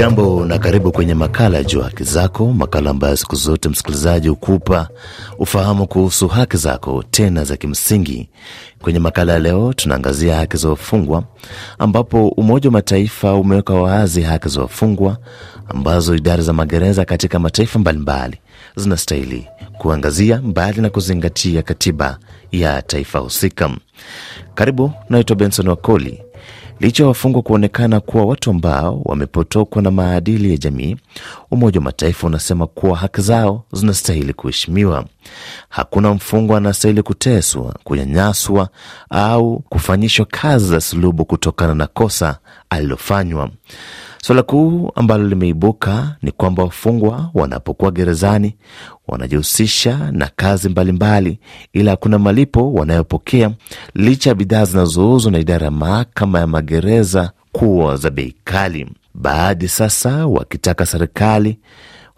jambo na karibu kwenye makala Jua haki zako, makala ambayo siku zote msikilizaji hukupa ufahamu kuhusu haki zako tena za kimsingi. Kwenye makala ya leo tunaangazia haki za wafungwa, ambapo Umoja wa Mataifa umeweka wazi haki za wafungwa ambazo idara za magereza katika mataifa mbalimbali zinastahili kuangazia mbali na kuzingatia katiba ya taifa husika. Karibu, naitwa Benson Wakoli. Licha ya wafungwa kuonekana kuwa watu ambao wamepotokwa na maadili ya jamii, Umoja wa Mataifa unasema kuwa haki zao zinastahili kuheshimiwa. Hakuna mfungwa anastahili kuteswa, kunyanyaswa au kufanyishwa kazi za sulubu kutokana na kosa alilofanywa. Suala kuu ambalo limeibuka ni kwamba wafungwa wanapokuwa gerezani wanajihusisha na kazi mbalimbali mbali, ila hakuna malipo wanayopokea licha ya bidhaa zinazouzwa na idara ya mahakama ya magereza kuwa za bei kali, baadhi sasa wakitaka serikali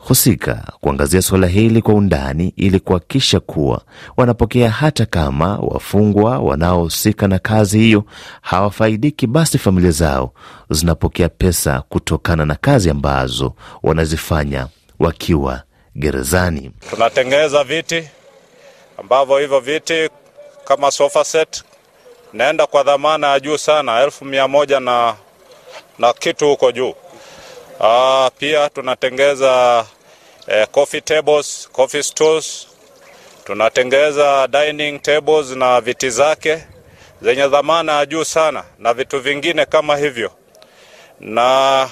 husika kuangazia suala hili kwa undani ili kuhakikisha kuwa wanapokea, hata kama wafungwa wanaohusika na kazi hiyo hawafaidiki, basi familia zao zinapokea pesa kutokana na kazi ambazo wanazifanya wakiwa gerezani. Tunatengeza viti ambavyo hivyo viti kama sofa set naenda kwa dhamana ya juu sana elfu mia moja na, na kitu huko juu. Aa, ah, pia tunatengeza eh, coffee tables, coffee stools. Tunatengeza dining tables na viti zake zenye dhamana ya juu sana na vitu vingine kama hivyo, na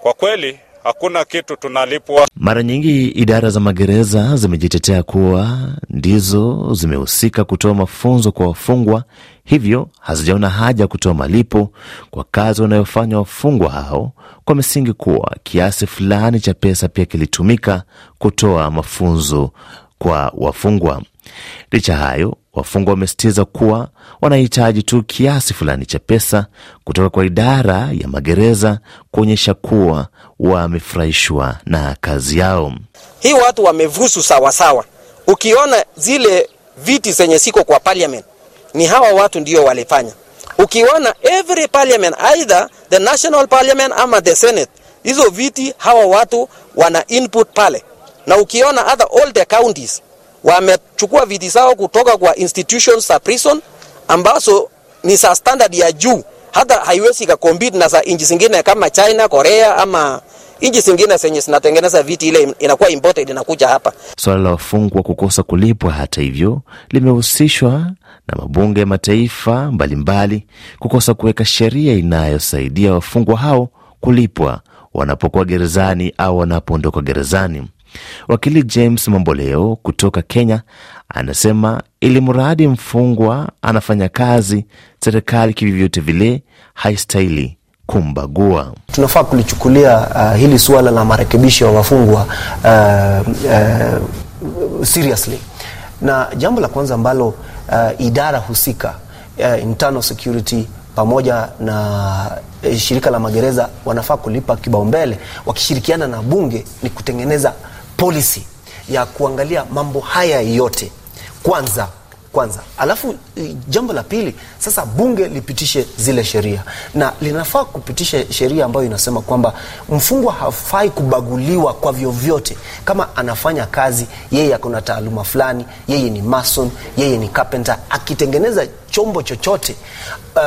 kwa kweli hakuna kitu tunalipwa. Mara nyingi idara za magereza zimejitetea kuwa ndizo zimehusika kutoa mafunzo kwa wafungwa, hivyo hazijaona haja ya kutoa malipo kwa kazi wanayofanya wafungwa hao, kwa misingi kuwa kiasi fulani cha pesa pia kilitumika kutoa mafunzo kwa wafungwa. Licha hayo, Wafungwa wamesitiza kuwa wanahitaji tu kiasi fulani cha pesa kutoka kwa idara ya magereza kuonyesha kuwa wamefurahishwa na kazi yao. Hii watu wamevusu sawasawa. Ukiona zile viti zenye siko kwa parliament, ni hawa watu ndio walifanya. Ukiona every parliament either the national parliament ama the senate, hizo viti hawa watu wana input pale, na ukiona other all the counties wamechukua viti zao kutoka kwa institutions za prison ambazo ni za standard ya juu, hata haiwezi ikakompete na za nchi zingine kama China, Korea ama nchi zingine zenye zinatengeneza viti, ile inakuwa imported inakuja hapa. Swala la wafungwa kukosa kulipwa, hata hivyo, limehusishwa na mabunge ya mataifa mbalimbali kukosa kuweka sheria inayosaidia wafungwa hao kulipwa wanapokuwa gerezani au wanapoondoka gerezani. Wakili James Mamboleo kutoka Kenya anasema ili mradi mfungwa anafanya kazi, serikali kivyovyote vile haistahili kumbagua. Tunafaa kulichukulia uh, hili suala la marekebisho ya wafungwa uh, uh, seriously, na jambo la kwanza ambalo uh, idara husika uh, internal security pamoja na uh, shirika la magereza wanafaa kulipa mbele wakishirikiana na bunge ni kutengeneza policy ya kuangalia mambo haya yote kwanza kwanza, alafu eh, jambo la pili sasa, bunge lipitishe zile sheria, na linafaa kupitisha sheria ambayo inasema kwamba mfungwa hafai kubaguliwa kwa vyovyote. Kama anafanya kazi, yeye akona taaluma fulani, yeye ni mason, yeye ni carpenter, akitengeneza chombo chochote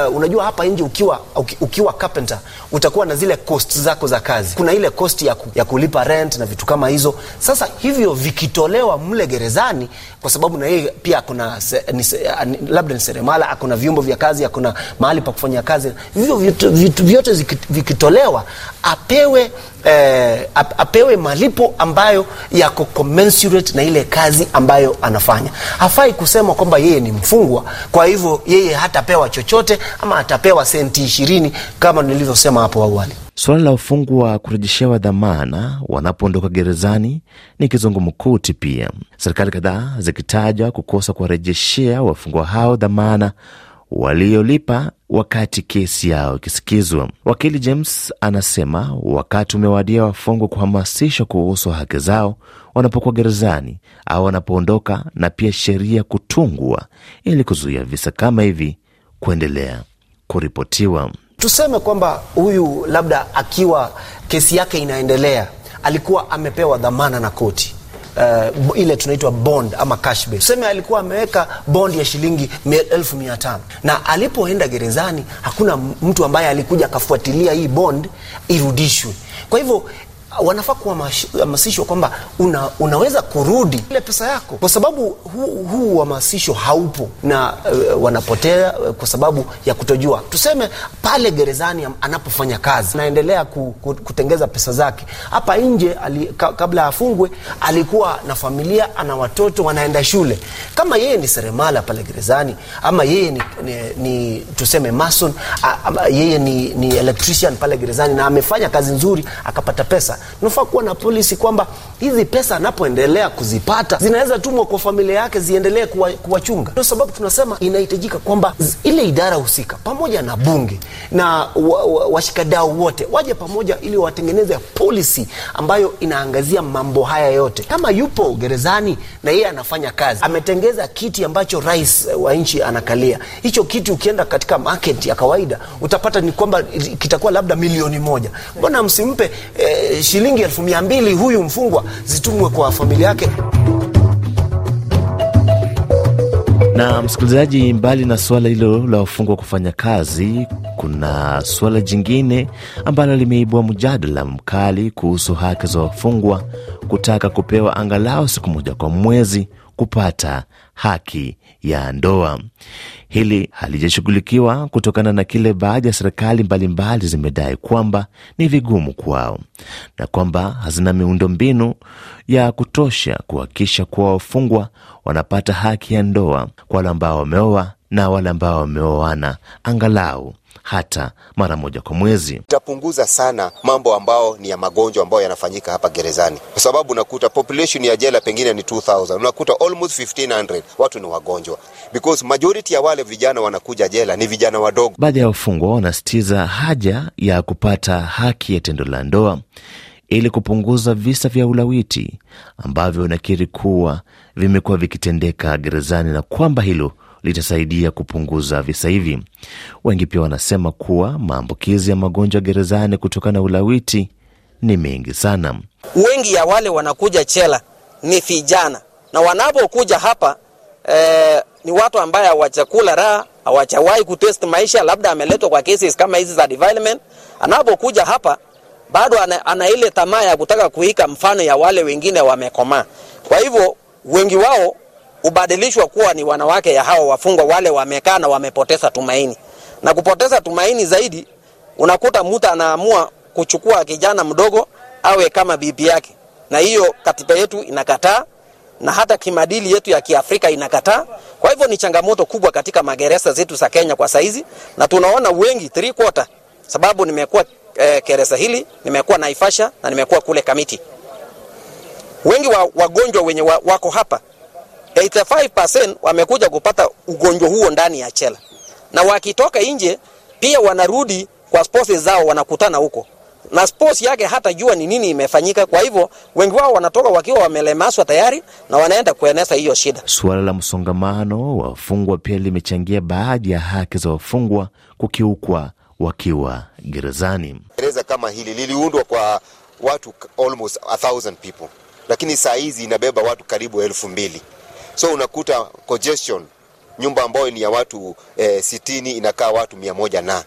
uh, unajua hapa nje ukiwa, ukiwa carpenter utakuwa na zile cost zako za kazi. Kuna ile cost ya, ku, ya kulipa rent na vitu kama hizo. Sasa hivyo vikitolewa mle gerezani, kwa sababu na yeye pia akona labda ni seremala, akuna vyombo vya kazi, akuna mahali pa kufanya kazi, hivyo vitu vyote vikitolewa apewe eh, apewe malipo ambayo yako commensurate na ile kazi ambayo anafanya. Hafai kusema kwamba yeye ni mfungwa, kwa hivyo yeye hatapewa chochote ama atapewa senti ishirini kama nilivyosema hapo awali. Suala la wafungwa wa kurejeshewa dhamana wanapoondoka gerezani ni kizungumkuti pia, serikali kadhaa zikitajwa kukosa kuwarejeshea wafungwa hao dhamana waliolipa wakati kesi yao ikisikizwa. Wakili James anasema wakati umewadia wafungwa kuhamasishwa kuhusu haki zao wanapokuwa gerezani au wanapoondoka, na pia sheria kutungwa ili kuzuia visa kama hivi kuendelea kuripotiwa. Tuseme kwamba huyu labda akiwa kesi yake inaendelea, alikuwa amepewa dhamana na koti Uh, ile tunaitwa bond ama cash bail. Tuseme alikuwa ameweka bond ya shilingi elfu mia tano na alipoenda gerezani hakuna mtu ambaye alikuja akafuatilia hii bond irudishwe. Kwa hivyo wanafaa kuhamasishwa kwamba una, unaweza kurudi ile pesa yako, kwa sababu huu uhamasisho haupo na uh, wanapotea uh, kwa sababu ya kutojua. Tuseme pale gerezani anapofanya kazi anaendelea ku, ku, kutengeza pesa zake hapa nje. Kabla afungwe alikuwa na familia, ana watoto wanaenda shule. Kama yeye ni seremala pale gerezani ama yeye ni ni, ni tuseme mason a, a, yeye ni, ni electrician pale gerezani na amefanya kazi nzuri akapata pesa. nafaa kuwa na polisi kwamba hizi pesa anapoendelea kuzipata zinaweza tumwa kwa familia yake ziendelee kuwachunga. Ndio sababu tunasema inahitajika kwamba ile idara husika pamoja na bunge na washikadau wa, wa wote waje pamoja ili watengeneze polisi ambayo inaangazia mambo haya yote. Kama yupo gerezani na yeye anafanya kazi, ametengeza kiti ambacho rais wa nchi anakalia hicho kitu ukienda katika market ya kawaida utapata ni kwamba kitakuwa labda milioni moja. Mbona msimpe e, shilingi elfu mia mbili huyu mfungwa zitumwe kwa familia yake? Na msikilizaji, mbali na suala hilo la wafungwa kufanya kazi, kuna suala jingine ambalo limeibua mjadala mkali kuhusu haki za wafungwa kutaka kupewa angalau siku moja kwa mwezi kupata haki ya ndoa. Hili halijashughulikiwa kutokana na kile baadhi ya serikali mbalimbali zimedai kwamba ni vigumu kwao na kwamba hazina miundombinu ya kutosha kuhakikisha kuwa wafungwa wanapata haki ya ndoa kwa wale ambao wameoa na wale ambao wameoana angalau hata mara moja kwa mwezi. Itapunguza sana mambo ambao ni ya magonjwa ambayo yanafanyika hapa gerezani, kwa sababu unakuta population ya jela pengine ni 2000 unakuta almost 1500 watu ni wagonjwa, because majority ya wale vijana wanakuja jela ni vijana wadogo. Baadhi ya wafungwa wanasitiza haja ya kupata haki ya tendo la ndoa ili kupunguza visa vya ulawiti ambavyo unakiri kuwa vimekuwa vikitendeka gerezani na kwamba hilo litasaidia kupunguza visa hivi. Wengi pia wanasema kuwa maambukizi ya magonjwa gerezani kutokana na ulawiti ni mengi sana. Wengi ya wale wanakuja chela ni vijana, na wanapokuja hapa eh, ni watu ambaye hawajakula raha, hawajawahi kutest maisha, labda ameletwa kwa cases kama hizi za development. Anapokuja hapa bado ana, ana ile tamaa ya kutaka kuika mfano ya wale wengine wamekomaa. Kwa hivyo wengi wao hubadilishwa kuwa ni wanawake ya hawa wafungwa wale wamekaa na wamepoteza tumaini. Na kupoteza tumaini zaidi, unakuta mtu anaamua kuchukua kijana mdogo awe kama bibi yake, na hiyo katiba yetu inakataa na hata kimadili yetu ya Kiafrika inakataa. Kwa hivyo ni changamoto kubwa katika magereza zetu za Kenya kwa saizi, na tunaona wengi three quarter, sababu nimekuwa eh, gereza hili nimekuwa Naivasha na nimekuwa kule Kamiti. Wengi wa wagonjwa wenye wa, wako hapa 85% wamekuja kupata ugonjwa huo ndani ya chela, na wakitoka nje pia wanarudi kwa sports zao, wanakutana huko na sports yake hata jua ni nini imefanyika. Kwa hivyo wengi wao wanatoka wakiwa wamelemaswa tayari na wanaenda kueneza hiyo shida. Suala la msongamano wa wafungwa pia limechangia baadhi ya haki za wafungwa kukiukwa wakiwa gerezani. Gereza kama hili liliundwa kwa watu almost a thousand people, lakini saa hizi inabeba watu karibu elfu mbili. So unakuta congestion, nyumba ambayo ni ya watu e, sitini inakaa watu mia moja na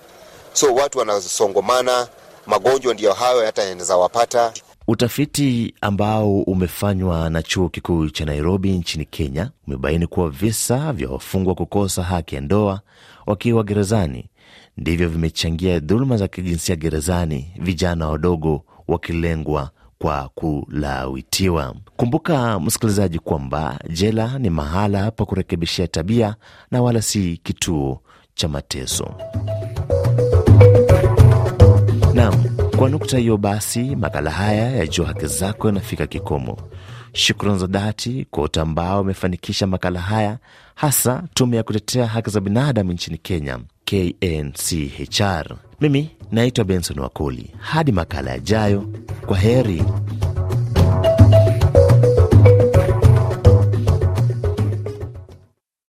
so watu wanasongomana. Magonjwa ndiyo hayo hata yanaweza wapata. Utafiti ambao umefanywa na chuo kikuu cha Nairobi nchini Kenya umebaini kuwa visa vya wafungwa kukosa haki ya ndoa wakiwa gerezani ndivyo vimechangia dhuluma za kijinsia gerezani, vijana wadogo wakilengwa kwa kulawitiwa. Kumbuka msikilizaji, kwamba jela ni mahala pa kurekebishia tabia na wala si kituo cha mateso. Naam, kwa nukta hiyo basi, makala haya ya Jua Haki Zako yanafika kikomo. Shukrani za dhati kwa wote ambao wamefanikisha makala haya, hasa tume ya kutetea haki za binadamu nchini Kenya. KNCHR. Mimi naitwa Benson Wakoli. Hadi makala yajayo, kwa heri.